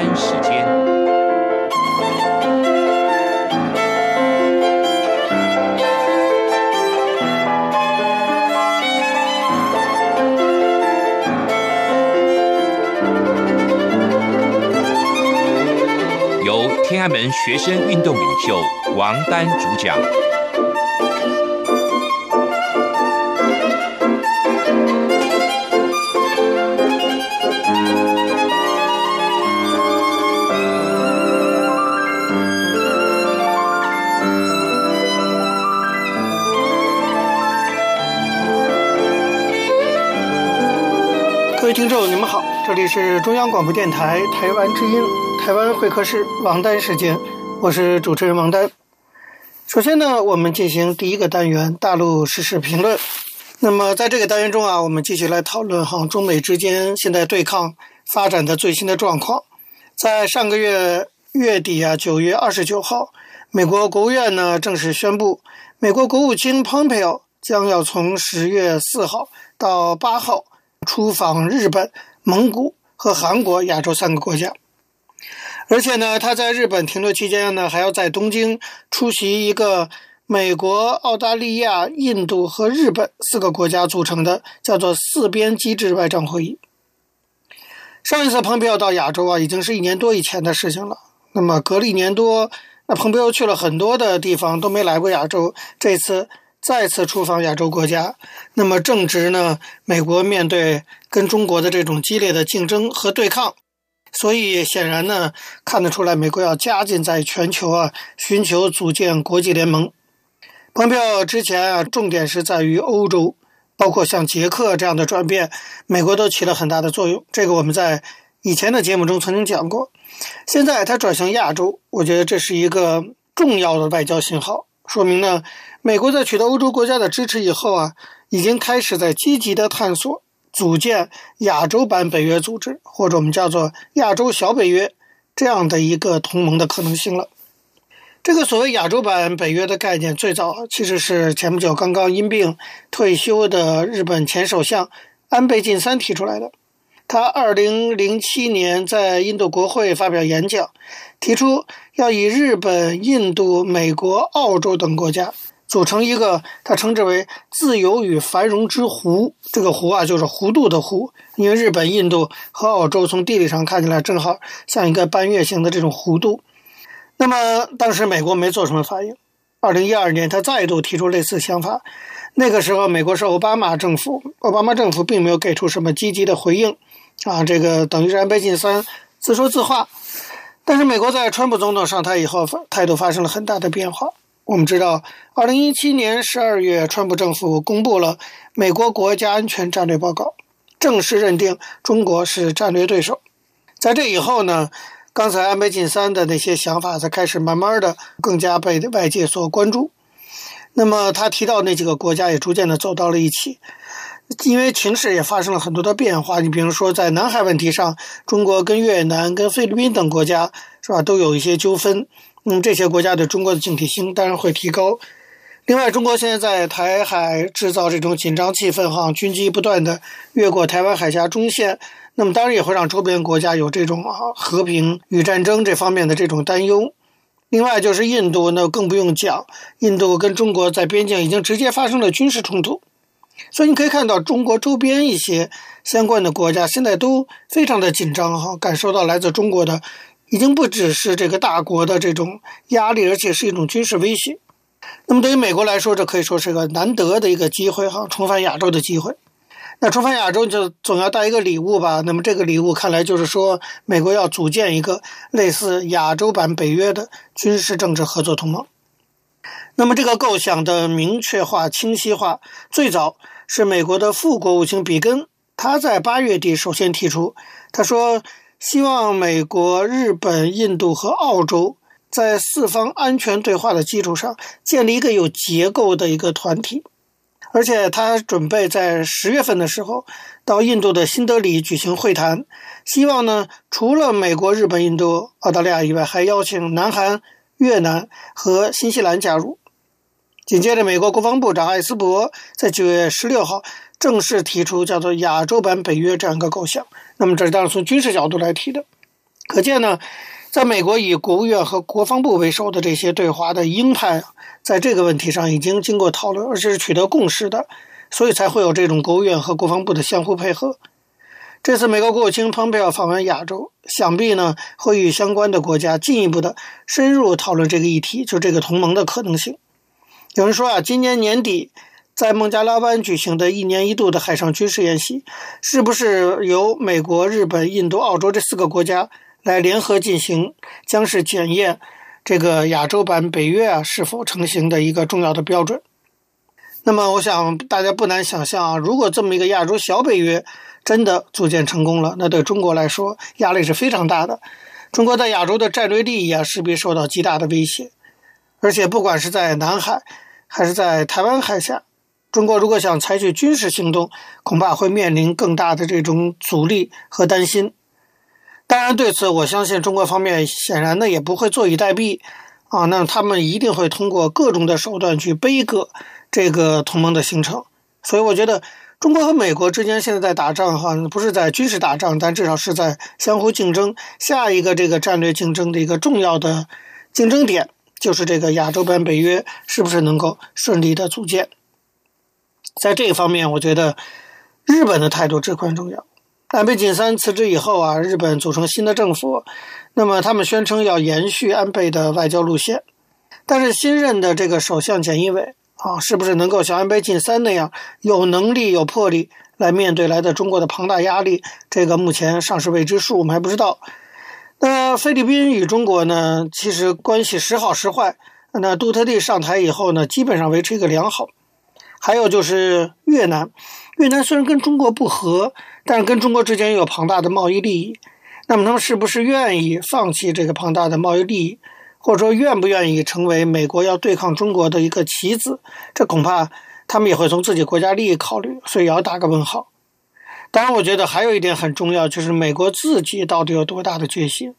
單時間，由天安門學生運動領袖王丹主講。這裡是中央廣播電台台灣之音台灣會客室王丹時間，我是主持人王丹。首先呢，我們進行第一個單元大陸時事評論。那麼在這個單元中啊，我們繼續來討論哈中美之間現在對抗發展的最新的狀況。在上個月月底啊，九月二十九號，美國國務院呢正式宣布，美國國務卿蓬佩奧將要從十月四號到八號出訪日本。蒙古和韓國，亞洲三個國家。而且呢，他在日本停留期間呢，還要在東京出席一個美國、澳大利亞、印度和日本四個國家組成的叫做“四邊機制”外長會議。上一次蓬佩奧到亞洲啊，已經是一年多以前的事情了。那麼隔了一年多，那蓬佩奧去了很多的地方，都沒來過亞洲。這次。再次出訪亞洲國家，那麼正值呢，美國面對跟中國的這種激烈的競爭和對抗，所以顯然呢，看得出來美國要加緊在全球啊尋求組建國際聯盟。蓬佩奧之前啊，重點是在於歐洲，包括像捷克這樣的轉變，美國都起了很大的作用。這個我們在以前的節目中曾經講過。現在它轉向亞洲，我覺得這是一個重要的外交信號。說明呢，美國在取得歐洲國家的支持以後啊，已經開始在積極的探索組建亞洲版北約組織，或者我們叫做亞洲小北約這樣的一個同盟的可能性了。這個所謂亞洲版北約的概念，最早其實是前不久剛剛剛因病退休的日本前首相安倍晉三提出來的。他二零零七年在印度國會發表演講，提出要以日本、印度、美國、澳洲等國家組成一個他稱之為“自由與繁榮之弧”。這個弧啊，就是弧度的弧，因為日本、印度和澳洲從地理上看起來正好像一個半月形的這種弧度。那麼當時美國沒做什麼反應。二零一二年，他再度提出類似想法。那個時候，美國是奧巴馬政府，奧巴馬政府並沒有給出什麼積極的回應。啊，這個等於是安倍晉三自說自話。但是美國在川普總統上台以後，態度發生了很大的變化。我們知道，二零一七年十二月，川普政府公布了美國國家安全戰略報告，正式認定中國是戰略對手。在這以後呢，剛才安倍晉三的那些想法才開始慢慢的更加被外界所關注。那麼他提到那幾個國家也逐漸的走到了一起。因為情勢也發生了很多的變化，你比如說在南海問題上，中國跟越南、跟菲律賓等國家是吧，都有一些糾紛。嗯，這些國家對中國的警惕性當然會提高。另外，中國現在在台海制造這種緊張氣氛，哈，軍機不斷的越過台灣海峽中線，那麼當然也會讓周邊國家有這種啊和平與戰爭這方面的這種擔憂。另外就是印度，那更不用講，印度跟中國在邊境已經直接發生了軍事衝突。所以你可以看到，中國周邊一些相關的國家現在都非常的緊張哈，感受到來自中國的，已經不只是這個大國的這種壓力，而且是一種軍事威脅。那麼對於美國來說，這可以說是個難得的一個機會哈，重返亞洲的機會。那重返亞洲就總要帶一個禮物吧？那麼這個禮物看來就是說，美國要組建一個類似亞洲版北約的軍事政治合作同盟。那麼，這個構想的明確化、清晰化，最早是美國的副國務卿比根，他在八月底首先提出，他說希望美國、日本、印度和澳洲在四方安全對話的基礎上建立一個有結構的一個團體，而且他準備在十月份的時候到印度的新德里舉行會談，希望呢，除了美國、日本、印度、澳大利亞以外，還邀請南韓，越南和新西蘭加入，緊接着，美國國防部長艾斯伯在九月十六號正式提出叫做“亞洲版北約”這樣一個構想。那麼，這是當然從軍事角度來提的。可見呢，在美國以國務院和國防部為首的這些對華的鷹派，在這個問題上已經經過討論，而且是取得共識的，所以才會有這種國務院和國防部的相互配合。這次美國國務卿蓬佩奧訪問亞洲，想必呢會與相關的國家進一步的深入討論這個議題，就這個同盟的可能性。有人說啊，今年年底在孟加拉灣舉行的一年一度的海上軍事演習，是不是由美國、日本、印度、澳洲這四個國家來聯合進行，將是檢驗這個亞洲版北約啊是否成型的一個重要的標準。那麼，我想大家不難想象啊，如果這麼一個亞洲小北約真的組建成功了，那對中國來說壓力是非常大的。中國在亞洲的戰略利益啊，勢必受到極大的威脅。而且，不管是在南海，還是在台灣海峽，中國如果想採取軍事行動，恐怕會面臨更大的這種阻力和擔心。當然，對此，我相信中國方面顯然呢也不會坐以待斃啊，那他們一定會通過各種的手段去杯葛。這個同盟的形成，所以我覺得中國和美國之間現在在打仗哈，不是在軍事打仗，但至少是在相互競爭。下一個這個戰略競爭的一個重要的競爭點，就是這個亞洲版北約是不是能夠順利的組建？在這一方面，我覺得日本的態度至關重要。安倍晉三辭職以後啊，日本組成新的政府，那麼他們宣稱要延續安倍的外交路線，但是新任的這個首相菅義偉。啊，是不是能夠像安倍晉三那樣有能力、有魄力，來面對來自中國的龐大壓力？這個目前尚是未知數，我們還不知道。那菲律賓與中國呢？其實關係時好時壞。那杜特蒂上台以後呢，基本上維持一個良好。還有就是越南，越南雖然跟中國不和，但是跟中國之間有龐大的貿易利益。那麼他們是不是願意放棄這個龐大的貿易利益？或者說願不願意成為美國要對抗中國的一個棋子？這恐怕他們也會從自己國家利益考慮，所以要打個問號。當然，我覺得還有一點很重要，就是美國自己到底有多大的決心？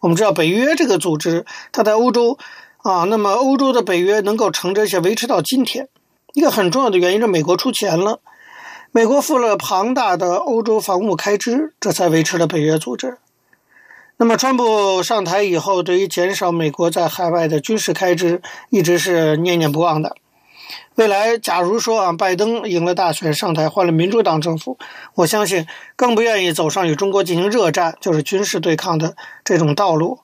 我們知道，北約這個組織，它在歐洲啊，那麼歐洲的北約能夠成一些維持到今天，一個很重要的原因，就是美國出錢了，美國付了龐大的歐洲防務開支，這才維持了北約組織。那麼，川普上台以後，對於減少美國在海外的軍事開支，一直是念念不忘的。未來，假如說啊，拜登贏了大選上台，換了民主黨政府，我相信更不願意走上與中國進行熱戰，就是軍事對抗的這種道路。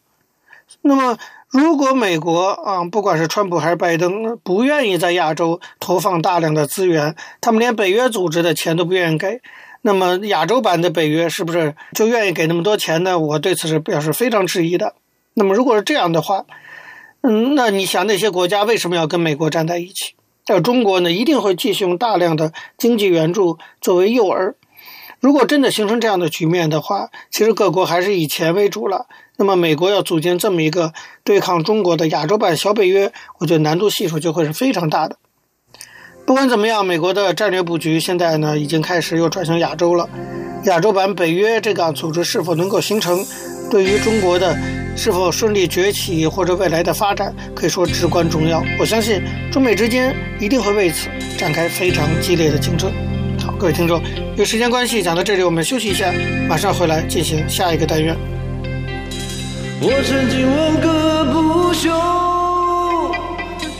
那麼，如果美國啊，不管是川普還是拜登，不願意在亞洲投放大量的資源，他們連北約組織的錢都不願意給。那麼亞洲版的北約是不是就願意給那麼多錢呢？我對此是表示非常質疑的。那麼如果是這樣的話，嗯，那你想那些國家為什麼要跟美國站在一起？而中國呢，一定會繼續用大量的經濟援助作為誘餌。如果真的形成這樣的局面的話，其實各國還是以錢為主了。那麼美國要組建這麼一個對抗中國的亞洲版小北約，我覺得難度係數就會是非常大的。不管怎麼樣，美國的戰略布局現在呢已經開始又轉向亞洲了。亞洲版北約這個組織是否能夠形成，對於中國的是否順利崛起或者未來的發展，可以說至關重要。我相信中美之間一定會為此展開非常激烈的競爭。好，各位聽眾，由於時間關係講到這裡，我們休息一下，馬上回來進行下一個單元。我曾經問個不休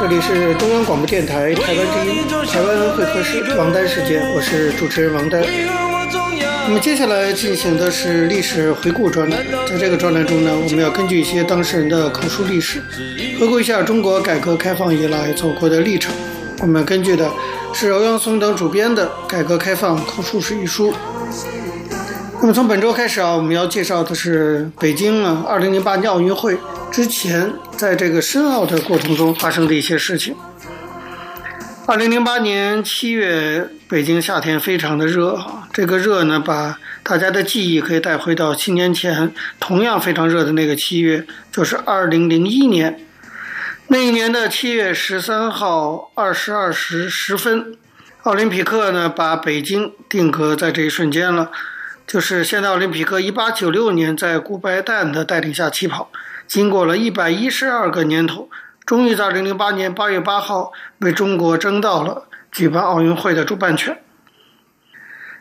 這裡是中央廣播電台台灣之音台灣會客室，王丹時間，我是主持人王丹。那麼接下來進行的是歷史回顧專欄，在這個專欄中呢，我們要根據一些當事人的口述歷史，回顧一下中國改革開放以來走過的歷程。我們根據的是歐陽松等主編的《改革開放口述史》一書。那麼從本周開始啊，我們要介紹的是北京啊，二零零八年奧運會之前。在這個申奧的過程中發生的一些事情。二零零八年七月，北京夏天非常的熱啊！這個熱呢，把大家的記憶可以帶回到七年前同樣非常熱的那個七月，就是二零零一年。那一年的七月十三號二十二時十分，奧林匹克呢，把北京定格在這一瞬間了。就是現在，奧林匹克一八九六年在顧拜旦的帶領下起跑。經過了一百一十二個年頭，終於在二零零八年八月八號為中國爭到了舉辦奧運會的主辦權。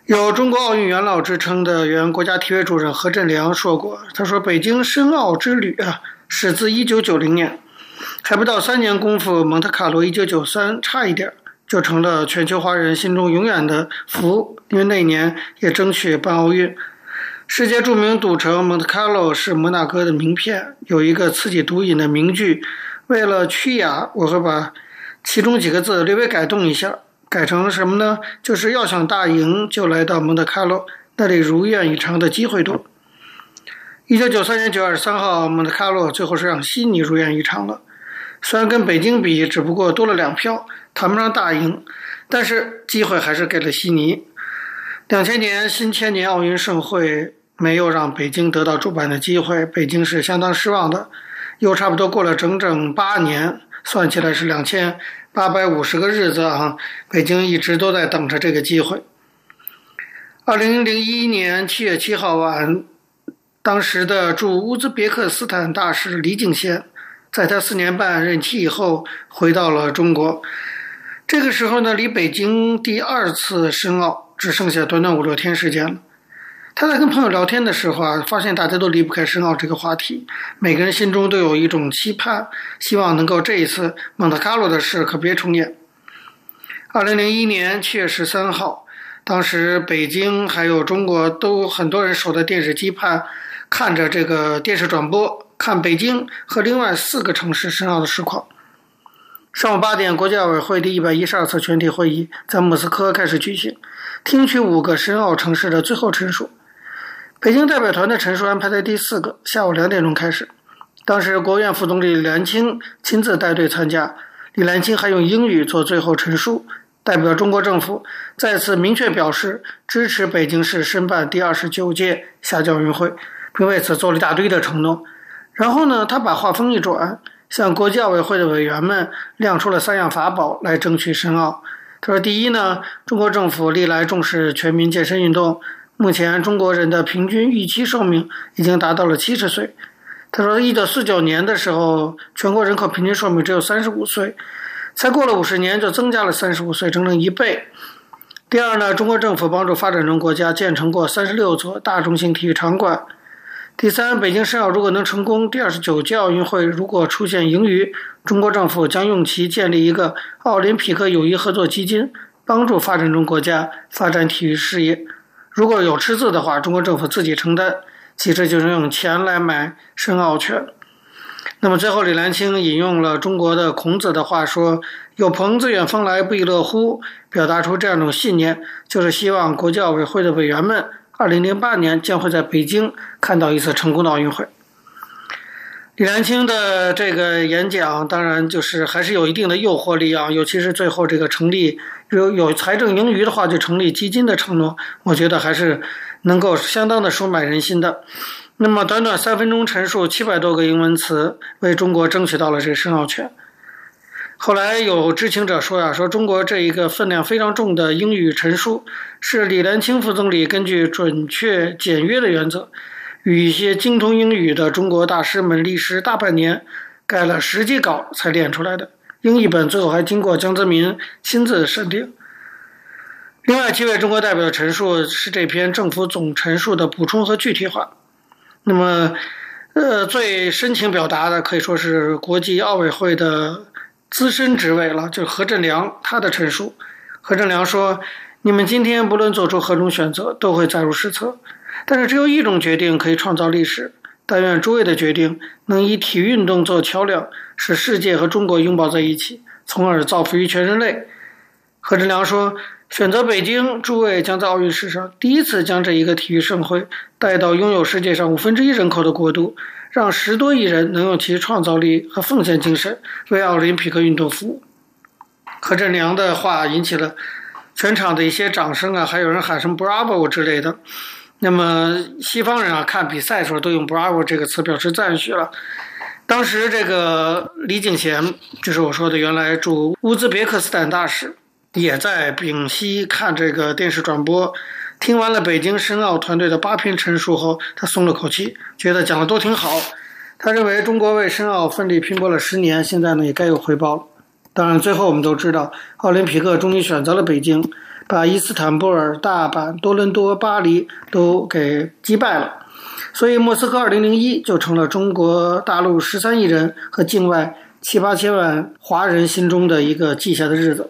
有中國奧運元老之稱的原國家體委主任何振梁說過：“他說，北京申奧之旅啊，始自一九九零年，還不到三年功夫，蒙特卡羅一九九三差一點兒就成了全球華人心中永遠的福，因為那年也爭取辦奧運。”世界著名賭城 Monte Carlo 是摩納哥的名片，有一個刺激賭癮的名句。為了驅雅，我會把其中幾個字略微改動一下，改成什麼呢？就是要想大贏，就來到 Monte Carlo，那裡如願以償的機會多。一九九三年九月二十三號，Monte Carlo 最後是讓悉尼如願以償了。雖然跟北京比，只不過多了兩票，談不上大贏，但是機會還是給了悉尼。兩千年新千年奧運盛會。沒有讓北京得到主辦的機會，北京是相當失望的。又差不多過了整整八年，算起來是兩千八百五十個日子啊！北京一直都在等着這個機會。二零零一年七月七號晚，當時的駐烏茲別克斯坦大使李景先，在他四年半任期以後回到了中國。這個時候呢，離北京第二次申奧只剩下短短五六天時間了。他在跟朋友聊天的時候啊，發現大家都離不開申奧這個話題，每個人心中都有一種期盼，希望能夠這一次蒙特卡洛的事可別重演。二零零一年七月十三號，當時北京還有中國都很多人守在電視機旁，看着這個電視轉播，看北京和另外四個城市申奧的實況。上午八點，國際奧委會第一百一十二次全體會議在莫斯科開始舉行，聽取五個申奧城市的最後陳述。北京代表團的陳述安排在第四個下午兩點鐘開始。當時，國務院副總理李嵐清親自帶隊參加。李嵐清還用英語做最後陳述，代表中國政府再次明確表示支持北京市申辦第二十九屆夏季奧運會，並為此做了一大堆的承諾。然後呢，他把話鋒一轉，向國際奧委會的委員們亮出了三樣法寶來爭取申奧。他說：“第一呢，中國政府歷來重視全民健身運動。”目前中國人的平均預期壽命已經達到了七十歲。他說，一九四九年的時候，全國人口平均壽命只有三十五歲，才過了五十年就增加了三十五歲，整整一倍。第二呢，中國政府幫助發展中國家建成過三十六座大中型體育場館。第三，北京申奧如果能成功，第二十九屆奧運會如果出現盈餘，中國政府將用其建立一個奧林匹克友誼合作基金，幫助發展中國家發展體育事業。如果有赤字的話，中國政府自己承擔，其實就是用錢來買申奧權。那麼最後，李嵐清引用了中國的孔子的話說：“有朋自遠方來，不亦樂乎？”表達出這樣一種信念，就是希望國際奧委會的委員們，2008年將會在北京看到一次成功的奧運會。李嵐清的這個演講，當然就是還是有一定的誘惑力啊，尤其是最後這個成立有有財政盈餘的話，就成立基金的承諾，我覺得還是能夠相當的收買人心的。那麼短短三分鐘陳述，七百多個英文詞，為中國爭取到了這個申奧權。後來有知情者說呀、啊，說中國這一個分量非常重的英語陳述，是李嵐清副總理根據準確簡約的原則。與一些精通英語的中國大師們歷時大半年，改了十幾稿才練出來的英譯本，最後還經過江澤民親自審定。另外幾位中國代表的陳述是這篇政府總陳述的補充和具體化。那麼，呃，最深情表達的可以說是國際奧委會的資深職位了，就是何振梁他的陳述。何振梁說。你們今天不論做出何種選擇，都會載入史冊。但是只有一種決定可以創造歷史。但願諸位的決定能以體育運動做橋樑，使世界和中國擁抱在一起，從而造福於全人類。何振梁說：“選擇北京，諸位將在奧運史上第一次將這一個體育盛會帶到擁有世界上五分之一人口的國度，讓十多億人能用其創造力和奉獻精神為奧林匹克運動服務。”何振梁的話引起了。全場的一些掌聲啊，還有人喊什麼 “bravo” 之類的。那麼西方人啊，看比賽的時候都用 “bravo” 這個詞表示贊許了。當時這個李景賢，就是我說的原來駐烏茲別克斯坦大使，也在屏息看這個電視轉播。聽完了北京申奧團隊的八篇陳述後，他鬆了口氣，覺得講的都挺好。他認為中國為申奧奮力拼搏了十年，現在呢也該有回報了。當然，最後我們都知道，奧林匹克終於選擇了北京，把伊斯坦布爾、大阪、多倫多、巴黎都給擊敗了，所以莫斯科2001就成了中國大陸十三億人和境外七八千萬華人心中的一個記下的日子。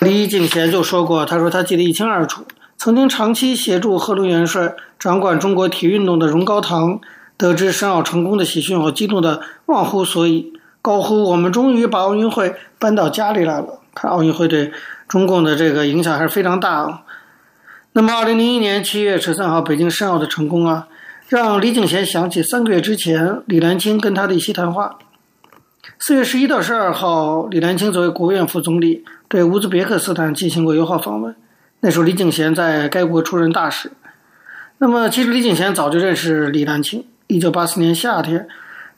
李景賢就說過，他說他記得一清二楚。曾經長期協助賀龍元帥掌管中國體育運動的榮高棠得知申奧成功的喜訊後，激動得忘乎所以。哦呼：“我們終於把奧運會搬到家裡來了！”看奧運會對中共的這個影響還是非常大哦。那麼，二零零一年七月十三號，北京申奧的成功啊，讓李景賢想起三個月之前李嵐清跟他的一席談話。四月十一到十二號，李嵐清作為國務院副總理對烏茲別克斯坦進行過友好訪問。那時候，李景賢在該國出任大使。那麼，其實李景賢早就認識李嵐清。一九八四年夏天。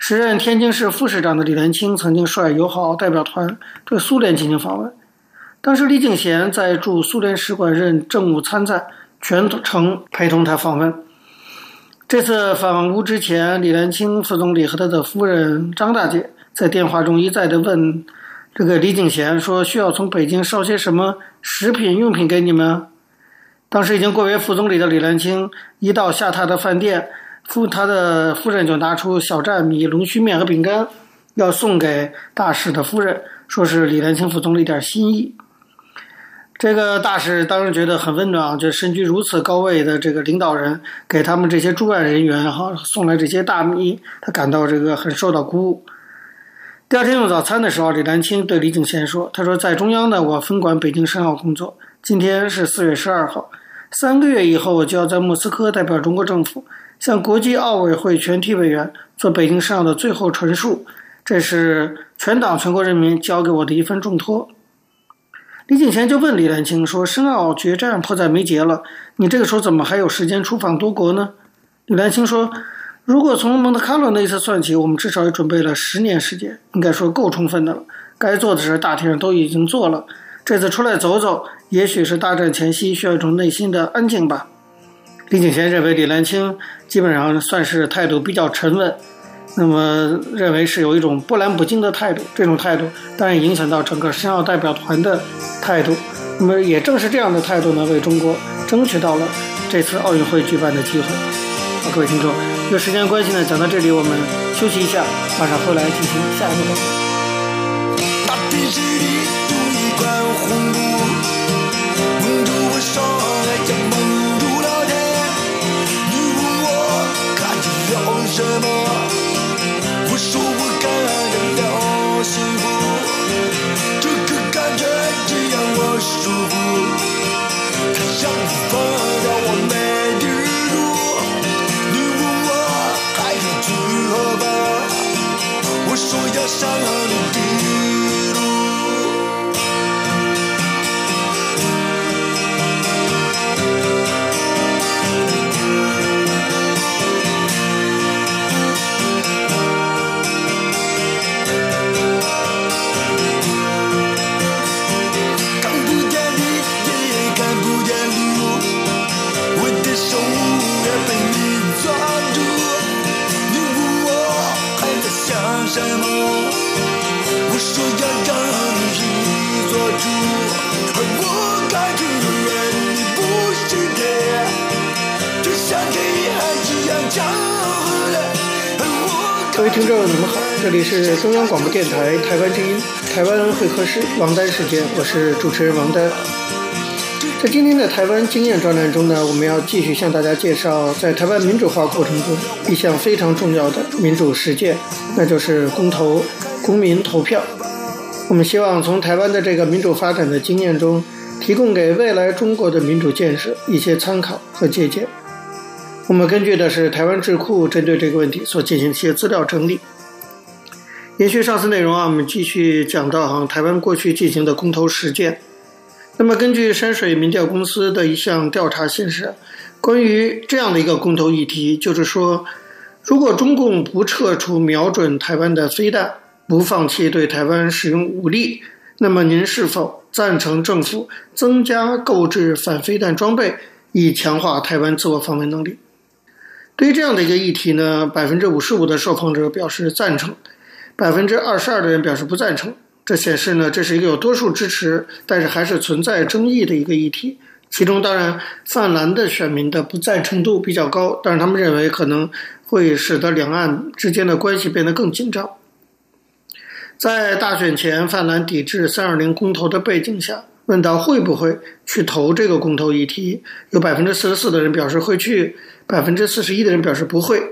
時任天津市副市長的李嵐清曾經率友好代表團對蘇聯進行訪問，當時李景賢在駐蘇聯使館任政務參贊，全程陪同他訪問。這次訪問之前，李嵐清副總理和他的夫人張大姐在電話中一再的問這個李景賢說，需要從北京捎些什麼食品用品給你們？當時已經貴為副總理的李嵐清一到下榻的飯店。夫他的夫人就拿出小袋米、龍須面和餅乾，要送給大使的夫人，說是李嵐清副總理的一點心意。這個大使當然覺得很溫暖啊，就身居如此高位的這個領導人給他們這些駐外人員哈、啊、送來這些大米，他感到這個很受到鼓舞。第二天用早餐的時候，李嵐清對李景賢說：“他說在中央呢，我分管北京申奧工作。今天是四月十二號，三個月以後我就要在莫斯科代表中國政府。”向國際奧委會全體委員做北京申奧的最後陳述，這是全黨全國人民交給我的一份重托。李景賢就問李嵐清說：“申奧決戰迫在眉睫了，你這個時候怎麼還有時間出訪多國呢？”李嵐清說：“如果從蒙特卡洛那次算起，我們至少也準備了十年時間，應該說夠充分的了。該做的事大體上都已經做了。這次出來走走，也許是大戰前夕需要一種內心的安靜吧。”李景賢認為李嵐清基本上算是態度比較沉穩，那麼認為是有一種波瀾不驚的態度，這種態度當然影響到整個申奧代表團的態度。那麼也正是這樣的態度呢，為中國爭取到了這次奧運會舉辦的機會。好、啊，各位聽眾，有時間關係呢，講到這裡我們休息一下，馬上回來進行下一個環節。各位聽眾，你們好，這裡是中央廣播電台台灣之音，台灣會客室王丹時間，我是主持人王丹。在今天的台灣經驗專欄中呢，我們要繼續向大家介紹在台灣民主化過程中一項非常重要的民主實踐，那就是公投，公民投票。我們希望從台灣的這個民主發展的經驗中，提供給未來中國的民主建設一些參考和借鑒。我們根據的是台灣智庫針對這個問題所進行的一些資料整理。延續上次內容啊，我們繼續講到啊台灣過去進行的公投實踐。那麼，根據山水民調公司的一項調查顯示，關於這樣的一個公投議題，就是說，如果中共不撤出瞄準台灣的飛彈，不放棄對台灣使用武力，那麼您是否贊成政府增加購置反飛彈裝備，以強化台灣自我防衛能力？對於這樣的一個議題呢，百分之五十五的受訪者表示贊成，百分之二十二的人表示不贊成。這顯示呢，這是一個有多數支持，但是還是存在爭議的一個議題。其中當然，泛藍的選民的不贊成度比較高，但是他們認為可能會使得兩岸之間的關係變得更緊張。在大選前，泛藍抵制三二零公投的背景下，問到會不會去投這個公投議題，有百分之四十四的人表示會去。百分之四十一的人表示不會，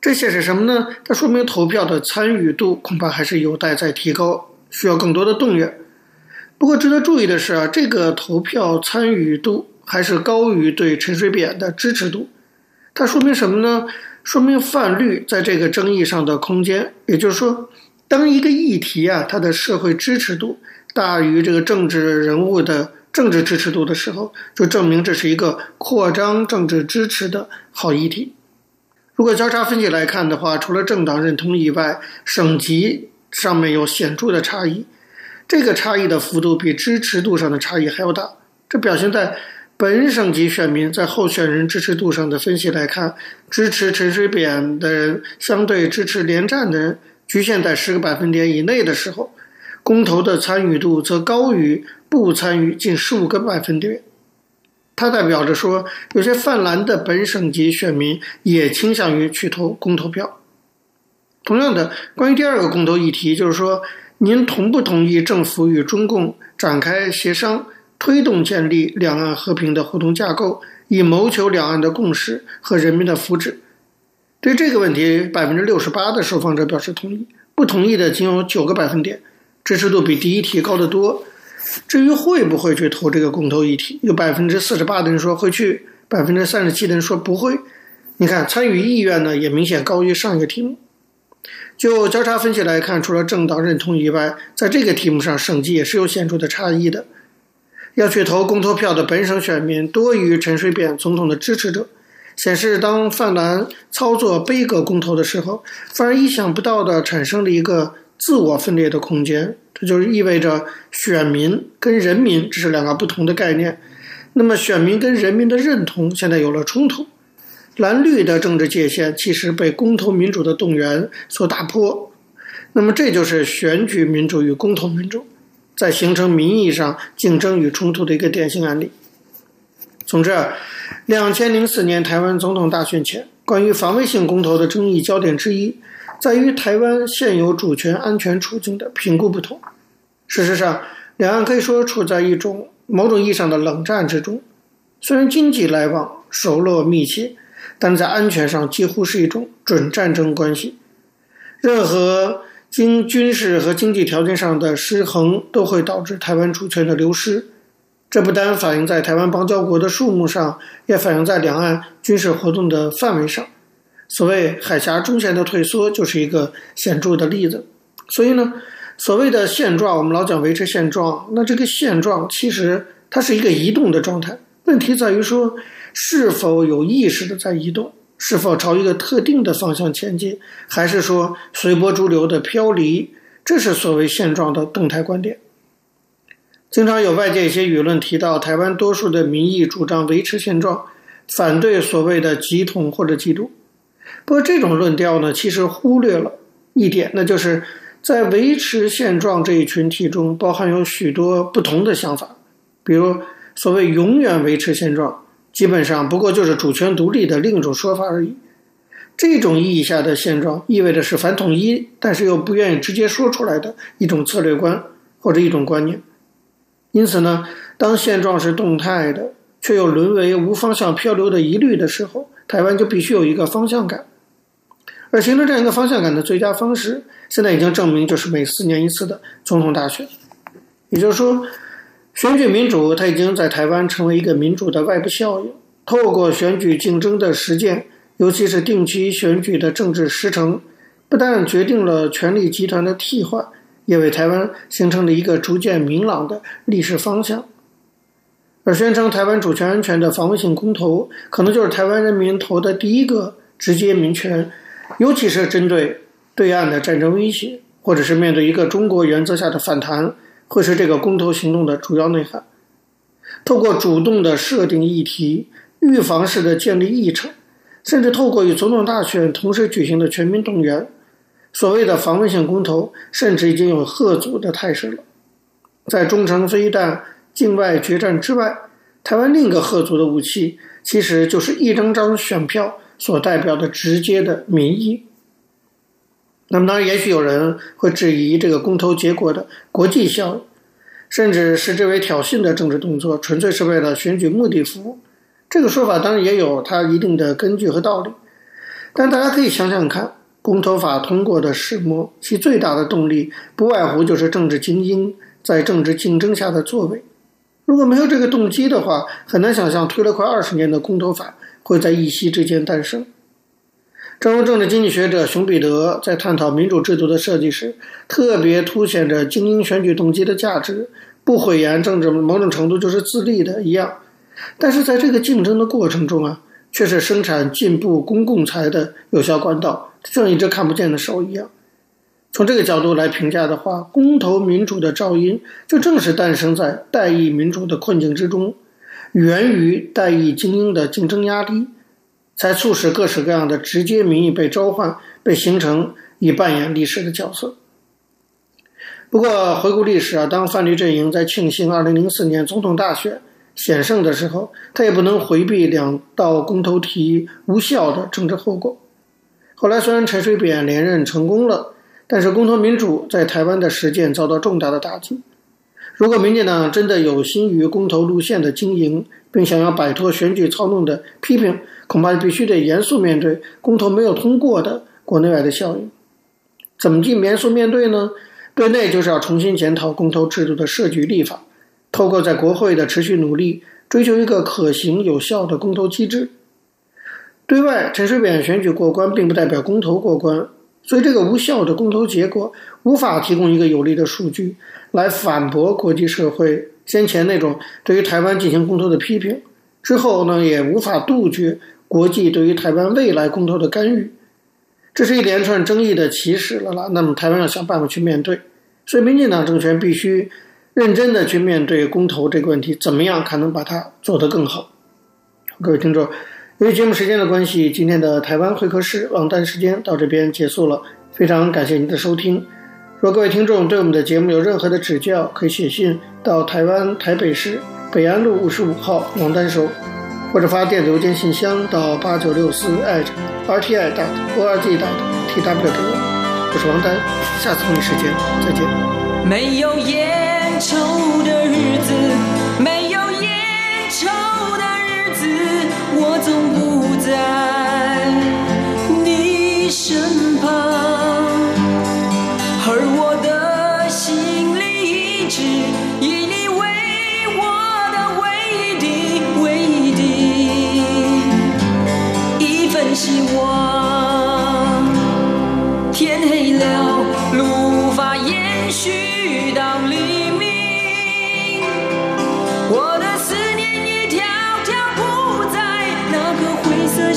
這顯示什麼呢？它說明投票的參與度恐怕還是有待再提高，需要更多的動員。不過值得注意的是啊，這個投票參與度還是高於對陳水扁的支持度，它說明什麼呢？說明泛綠在這個爭議上的空間，也就是說，當一個議題啊，它的社會支持度大於這個政治人物的。政治支持度的時候，就證明這是一個擴張政治支持的好議題。如果交叉分析來看的話，除了政黨認同以外，省籍上面有顯著的差異。這個差異的幅度比支持度上的差異還要大。這表現在本省籍選民在候選人支持度上的分析來看，支持陳水扁的人，相對支持連戰的人，局限在十個百分點以內的時候。公投的參與度則高於不參與近十五個百分點，它代表着說有些泛藍的本省籍選民也傾向於去投公投票。同樣的，關於第二個公投議題，就是說您同不同意政府與中共展開協商，推動建立兩岸和平的互動架構，以謀求兩岸的共識和人民的福祉？對這個問題，百分之六十八的受訪者表示同意，不同意的僅有九個百分點。支持度比第一題高得多。至於會不會去投這個公投議題有48，有百分之四十八的人說會去37，百分之三十七的人說不會。你看，參與意願呢也明顯高於上一個題目。就交叉分析來看，除了政黨認同以外，在這個題目上，省籍也是有顯著的差異的。要去投公投票的本省選民多於陳水扁總統的支持者，顯示當泛藍操作杯葛公投的時候，反而意想不到的產生了一個。自我分裂的空間，這就是意味着選民跟人民這是兩個不同的概念。那麼，選民跟人民的認同現在有了衝突，藍綠的政治界限其實被公投民主的動員所打破。那麼，這就是選舉民主與公投民主在形成民意上競爭與衝突的一個典型案例。總之，兩千零四年台灣總統大選前，關於防衛性公投的爭議焦點之一。在於台灣現有主權安全處境的評估不同。事實上，兩岸可以說處在一種某種意義上的冷戰之中。雖然經濟來往熟絡密切，但在安全上幾乎是一種準戰爭關係。任何經軍事和經濟條件上的失衡，都會導致台灣主權的流失。這不單反映在台灣邦交國的數目上，也反映在兩岸軍事活動的範圍上。所謂海峽中線的退縮就是一個顯著的例子，所以呢，所謂的現狀，我們老講維持現狀，那這個現狀其實它是一個移動的狀態。問題在於說是否有意識的在移動，是否朝一個特定的方向前進，還是說隨波逐流的漂離？這是所謂現狀的動態觀點。經常有外界一些輿論提到，台灣多數的民意主張維持現狀，反對所謂的急統或者急獨。不過，這種論調呢，其實忽略了一點，那就是在維持現狀這一群體中，包含有許多不同的想法。比如，所謂“永遠維持現狀”，基本上不過就是主權獨立的另一種說法而已。這種意義下的現狀，意味着是反統一，但是又不願意直接說出來的一種策略觀或者一種觀念。因此呢，當現狀是動態的，卻又淪為無方向漂流的疑慮的時候。台灣就必須有一個方向感，而形成這樣一個方向感的最佳方式，現在已經證明就是每四年一次的總統大選。也就是說，選舉民主它已經在台灣成為一個民主的外部效應。透過選舉競爭的實踐，尤其是定期選舉的政治時程，不但決定了權力集團的替換，也為台灣形成了一個逐漸明朗的歷史方向。而宣稱台灣主權安全的防衛性公投，可能就是台灣人民投的第一個直接民權，尤其是針對對岸的戰爭威脅，或者是面對一個中國原則下的反彈，會是這個公投行動的主要內涵。透過主動的設定議題、預防式的建立議程，甚至透過與總統大選同時舉行的全民動員，所謂的防衛性公投，甚至已經有嚇阻的態勢了。在中程飛彈。境外決戰之外，台灣另一個嚇阻的武器，其實就是一張張選票所代表的直接的民意。那麼，當然，也許有人會質疑這個公投結果的國際效應，甚至視之為挑釁的政治動作，純粹是為了選舉目的服務。這個說法當然也有它一定的根據和道理，但大家可以想想看，公投法通過的始末，其最大的動力不外乎就是政治精英在政治競爭下的作為。如果沒有這個動機的話，很難想象推了快二十年的公投法會在一夕之間誕生。正如政治經濟學者熊彼得在探討民主制度的設計時，特別凸顯着精英選舉動機的價值，不諱言政治某種程度就是自利的一樣。但是在這個競爭的過程中啊，卻是生產進步公共財的有效管道，像一隻看不見的手一樣。從這個角度來評價的話，公投民主的噪音就正是誕生在代議民主的困境之中，源於代議精英的競爭壓力，才促使各式各樣的直接民意被召喚、被形成，以扮演歷史的角色。不過，回顧歷史啊，當泛綠陣營在慶幸二零零四年總統大選險勝的時候，他也不能回避兩道公投題無效的政治後果。後來，雖然陳水扁連任成功了。但是公投民主在台灣的實踐遭到重大的打擊。如果民進黨真的有心於公投路線的經營，並想要擺脫選舉操弄的批評，恐怕必須得嚴肅面對公投沒有通過的國內外的效應。怎麼去嚴肅面對呢？對內就是要重新檢討公投制度的設計立法，透過在國會的持續努力，追求一個可行有效的公投機制。對外，陳水扁選舉過關，並不代表公投過關。所以，這個無效的公投結果無法提供一個有力的數據來反駁國際社會先前那種對於台灣進行公投的批評，之後呢，也無法杜絕國際對於台灣未來公投的干預。這是一連串爭議的起始了啦。那麼，台灣要想辦法去面對，所以民進黨政權必須認真的去面對公投這個問題，怎麼樣才能把它做得更好？各位聽眾。由於節目時間的關係，今天的台灣會客室王丹時間到這邊結束了。非常感謝您的收聽。若各位聽眾對我們的節目有任何的指教，可以寫信到台灣台北市北安路五十五號王丹收，或者發電子郵件信箱到八九六四艾特 r t i dot o r g dot t w 給我。我是王丹，下次同一時間再見。沒有煙抽的日子。我總不在你身旁，而我的心裡一直以你為我的唯一的、唯一的，一份希望。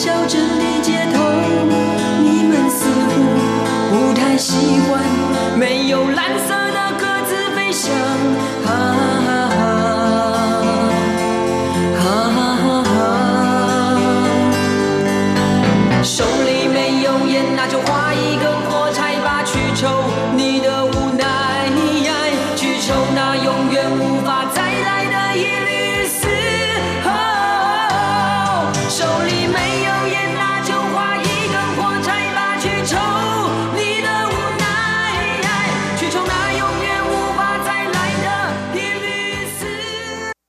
小鎮的街頭，你們似乎不太習慣，沒有藍色的鴿子飛翔。啊